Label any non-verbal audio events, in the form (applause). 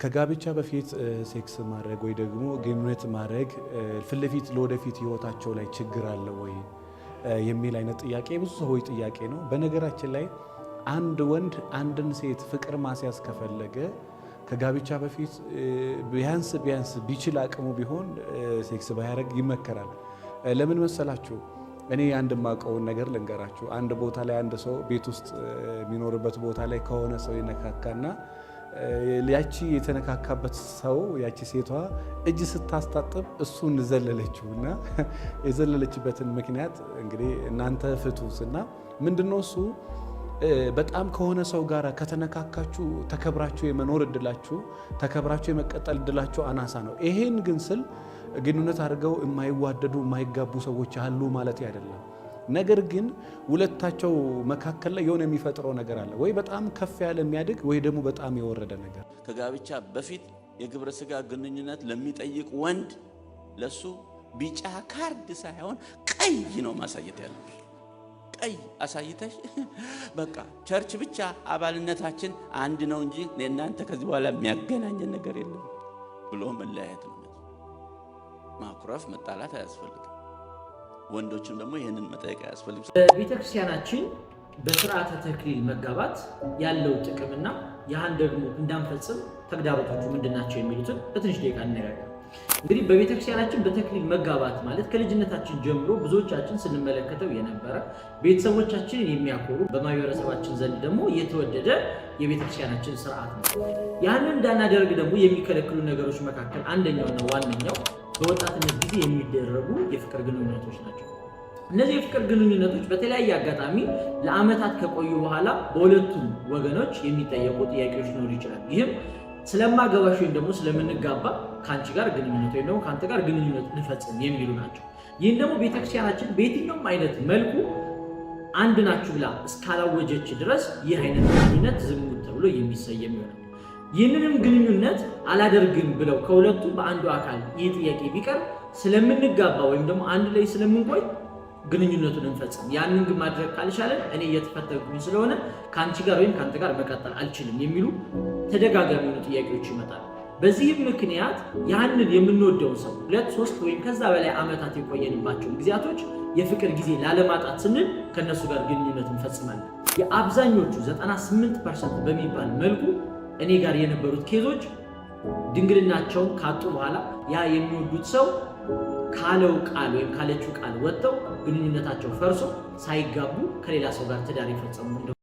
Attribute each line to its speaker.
Speaker 1: ከጋብቻ በፊት ሴክስ ማድረግ ወይ ደግሞ ግንኙነት ማድረግ ፊት ለፊት ለወደፊት ህይወታቸው ላይ ችግር አለ ወይ የሚል አይነት ጥያቄ ብዙ ሰዎች ጥያቄ ነው። በነገራችን ላይ አንድ ወንድ አንድን ሴት ፍቅር ማስያዝ ከፈለገ ከጋብቻ በፊት ቢያንስ ቢያንስ ቢችል አቅሙ ቢሆን ሴክስ ባያደርግ ይመከራል። ለምን መሰላችሁ? እኔ አንድ የማውቀውን ነገር ልንገራችሁ። አንድ ቦታ ላይ አንድ ሰው ቤት ውስጥ የሚኖርበት ቦታ ላይ ከሆነ ሰው ይነካካና ያቺ የተነካካበት ሰው ያቺ ሴቷ እጅ ስታስታጥብ እሱ ዘለለችው እና የዘለለችበትን ምክንያት እንግዲህ እናንተ ፍቱስ እና ምንድነው እሱ በጣም ከሆነ ሰው ጋር ከተነካካችሁ ተከብራችሁ የመኖር እድላችሁ ተከብራችሁ የመቀጠል እድላችሁ አናሳ ነው። ይሄን ግን ስል ግንኙነት አድርገው የማይዋደዱ የማይጋቡ ሰዎች አሉ ማለት አይደለም። ነገር ግን ሁለታቸው መካከል ላይ የሆነ የሚፈጥረው ነገር አለ ወይ በጣም ከፍ ያለ የሚያድግ ወይ ደግሞ በጣም የወረደ ነገር።
Speaker 2: ከጋብቻ በፊት የግብረ ስጋ ግንኙነት ለሚጠይቅ ወንድ ለሱ ቢጫ ካርድ ሳይሆን ቀይ ነው ማሳየት ያለብሽ። ቀይ አሳይተሽ (laughs) በቃ ቸርች ብቻ አባልነታችን አንድ ነው እንጂ እናንተ ከዚህ በኋላ የሚያገናኘን ነገር የለም ብሎ መለያየት ነው። ማኩረፍ፣ መጣላት አያስፈልግም። ወንዶችም ደግሞ ይህንን መጠየቅ አያስፈልግም።
Speaker 3: ቤተክርስቲያናችን በስርዓተ ተክሊል መጋባት ያለው ጥቅምና ያህን ደግሞ እንዳንፈጽም ተግዳሮቶቹ ምንድን ናቸው የሚሉትን በትንሽ ደቂቃ እንነጋገር። እንግዲህ በቤተክርስቲያናችን በተክሊል መጋባት ማለት ከልጅነታችን ጀምሮ ብዙዎቻችን ስንመለከተው የነበረ ቤተሰቦቻችንን የሚያኮሩ በማህበረሰባችን ዘንድ ደግሞ የተወደደ የቤተክርስቲያናችን ስርዓት ነው። ያንን እንዳናደርግ ደግሞ የሚከለክሉ ነገሮች መካከል አንደኛውና ዋነኛው በወጣትነት ጊዜ የሚደረጉ የፍቅር ግንኙነቶች ናቸው። እነዚህ የፍቅር ግንኙነቶች በተለያየ አጋጣሚ ለአመታት ከቆዩ በኋላ በሁለቱም ወገኖች የሚጠየቁ ጥያቄዎች ሊኖሩ ይችላል። ይህም ስለማገባሽ ወይም ደግሞ ስለምንጋባ ከአንቺ ጋር ግንኙነት ወይም ደግሞ ከአንተ ጋር ግንኙነት እንፈጽም የሚሉ ናቸው። ይህን ደግሞ ቤተክርስቲያናችን በየትኛውም አይነት መልኩ አንድ ናችሁ ብላ እስካላወጀች ድረስ ይህ አይነት ግንኙነት ዝሙት ተብሎ የሚሰየም ይሆናል። ይህንንም ግንኙነት አላደርግም ብለው ከሁለቱ በአንዱ አካል ይህ ጥያቄ ቢቀር ስለምንጋባ ወይም ደግሞ አንድ ላይ ስለምንቆይ ግንኙነቱን እንፈጽም። ያንን ግን ማድረግ ካልቻለን እኔ እየተፈተጉኝ ስለሆነ ከአንቺ ጋር ወይም ከአንተ ጋር መቀጠል አልችልም የሚሉ ተደጋጋሚ የሆኑ ጥያቄዎች ይመጣል። በዚህም ምክንያት ያንን የምንወደውን ሰው ሁለት ሶስት ወይም ከዛ በላይ ዓመታት የቆየንባቸውን ጊዜያቶች የፍቅር ጊዜ ላለማጣት ስንል ከእነሱ ጋር ግንኙነት እንፈጽማለን። የአብዛኞቹ 98 ፐርሰንት በሚባል መልኩ እኔ ጋር የነበሩት ኬዞች ድንግልናቸውን ካጡ በኋላ ያ የሚወዱት ሰው ካለው ቃል ወይም ካለችው ቃል ወጥተው ግንኙነታቸው ፈርሶ ሳይጋቡ ከሌላ ሰው ጋር ትዳር የፈጸሙ